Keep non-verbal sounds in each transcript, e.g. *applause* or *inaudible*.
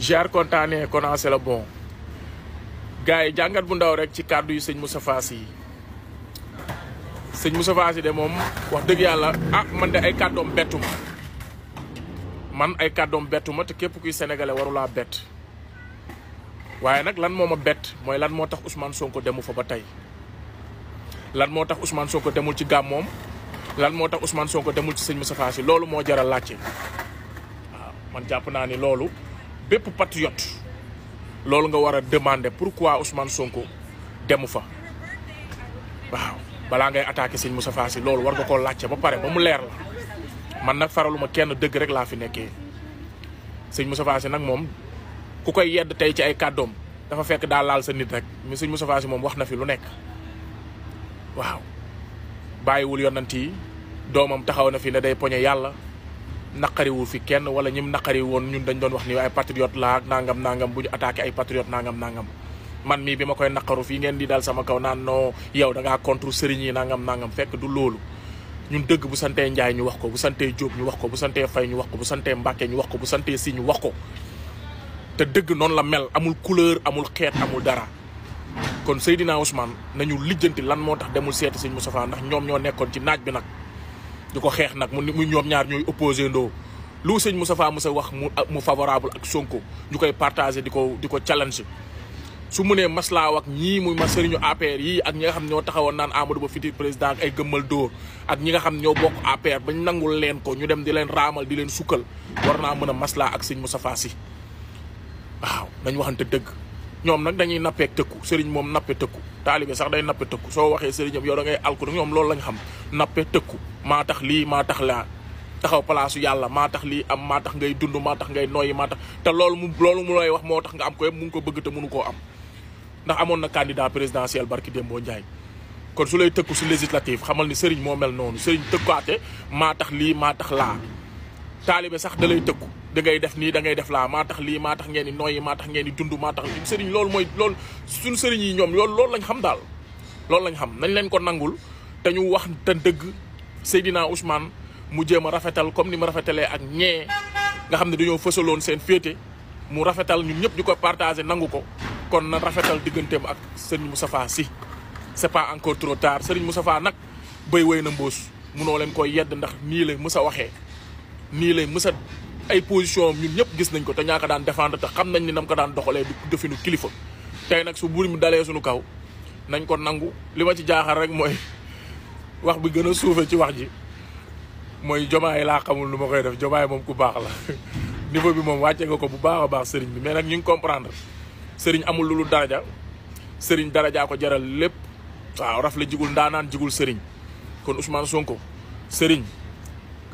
Giar kontaanee commencé la bon gars yi jàngat bu ndaw rek ci kàddu yu sëñ Moustapha Sy yi sëñ Moustapha Sy de moom wax dëgg yàlla ah man de ay kàddoom bettu ma man ay kàddoom bettu ma te képp kuy sénégalais warulaa bett waaye nag lan moom ma bett mooy lan moo tax Ousmane Sonko demu fa ba tey lan moo tax Ousmane Sonko demul ci gàmmoom lan moo tax Ousmane Sonko demul ci sëñ Moustapha Sy loolu moo jaral laajte waaw man jàpp naa ni loolu. bépp yot loolu nga war a demander quoi Ousmane Sonko demu fa waaw balaa ngay attaqué sëñ Moustapha Sy loolu war nga koo laajte ba pare ba mu leer la man na faraluma kenn dëgg rek laa fi nekkee sëñ Moustapha Sy nag moom ku koy yedd tey ci ay kàddoom dafa fekk daa laal sa nit rek mais sëñ Moustapha Sy moom wax na fi lu nekk waaw bàyyiwul yonant yi doomam taxaw na fi ne day poñe yàlla naqariwu fi kenn wala ñim naqari woon ñun dañ doon wax ni ay patriote laa nangam nangam bu ñu attaqué ay nangam nangam man mii bi ma koy naqaru fii ngeen di daal sama kaw naan noo yow da ngaa contre sëriñ yi nangam nangam fekk du loolu ñun dëgg bu santee Njaay ñu wax ko bu santee Jóob ñu wax ko bu santee Fay ñu wax ko bu santee Mbàkke ñu wax ko bu santee Si ñu wax ko te dëgg noonu la mel amul couleur amul xeet amul dara kon Seydina na ñu lijjanti lan moo tax demul seeti Sëñ Moustapha ndax ñoom ñoo nekkoon ci naaj bi nag di ko xeex nag mu muy ñoom ñaar ñooy opposé ndoo lu sëñ Moustapha Moussa wax mu mu favorable ak Sonko ñu koy partagé di ko di ko challenge su mu nee maslaaw ak ñii mu ma sëriñu APR yii ak ñi nga xam ñoo taxawoon naan amado Ba futur président ak ay gëmmal dóor ak ñi nga xam ñoo bokk ba bañ nangul leen ko ñu dem di leen raamal di leen sukkal war naa mën a maslaa ak sëñ Moustapha si waaw nañ waxante dëgg ñoom nag dañuy nappeek tëkku sëriñ moom nappe tëkku taalibe sax day nappe tëkku soo waxee sëriñam yow da ngay alku da ñoom loolu lañ xam nappe tëkku maa tax lii maa tax laa taxaw palaasu yàlla maa tax lii am maa tax ngay dund maa tax ngay noyyi maa tax te loolu mu loolu mu lay wax moo tax nga am ko yëpp mu ngi ko bëgg te mënu koo am ndax amoon na candidat présidentiel barki Dembo Ndiaye kon su lay tëkku si législative xamal ni sëriñ moo mel noonu sëriñ tëkkaate maa tax lii maa tax laa taalibe sax da lay tëkku da ngay def nii da ngay def laa maa tax lii maa tax ngeen di nooyi maa tax ngeen di dund maa tax sëriñ loolu mooy loolu suñu sëriñ yi ñoom loolu loolu lañ xam daal loolu lañ xam nañ leen ko nangul te ñu wax te dëgg Seydina Ousmane mu jéem a rafetal comme ni mu rafetalee ak ñee nga xam ne dañoo fësaloon seen féete mu rafetal ñun ñëpp ñu ko partagé nangu ko kon na rafetal digganteem ak sëriñ Moustapha Sy c'est pas encore trop tard sëriñ Moustapha nag béy wéy na mboos munoo leen koy yedd ndax nii lay mës a waxee nii lay mës ay position ñun ñëpp gis nañ ko te ñaa ko daan défendre te xam nañ ni nam ko daan doxalee du definu kilifa tey nag su buur mi dalee suñu kaw nañ ko nangu li ma ci jaaxal rek mooy *laughs* wax bi gën a suufe ci wax ji mooy jomaay laa xamul lu ma koy def jomaay moom ku baax la *laughs* niveau bi moom wàcce nga ko bu baax a baax sëriñ bi mais nag ñu ngi comprendre sëriñ amul lu dul daraja sëriñ darajaa ko jaral lépp waaw raf la jigul ndaanaan jigul sëriñ kon Ousmane Sonko sëriñ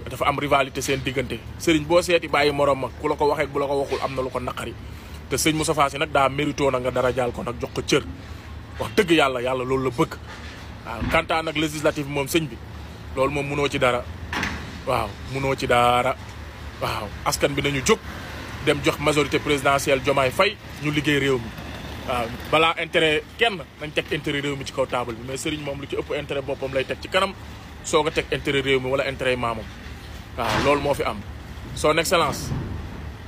dafa am rivalité seen diggante sëriñ boo seeti bàyyi morom ma ku la ko waxee bu la ko waxul am na lu ko naqari te sëñ Moustapha Sy nag daa mérito na nga dara jaal ko nag jox ko cër wax dëgg yàlla yàlla loolu la bëgg waaw kantaan nag législative moom sëñ bi loolu moom munoo ci dara waaw munoo ci dara waaw askan bi nañu jóg dem jox majorité présidentielle jomaay fay ñu liggéey réew mi waaw balaa intérêt kenn nañ teg intérêt réew mi ci kaw table bi mais sëriñ moom lu ci ëpp intérêt boppam lay teg ci kanam soog a teg intérêt réew mi wala intérêt maamam waaw ah, loolu moo fi am son excellence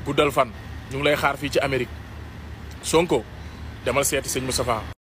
guddal fan ñu ngi lay xaar fii ci Amérique Sonko demal seeti sëñ Moustapha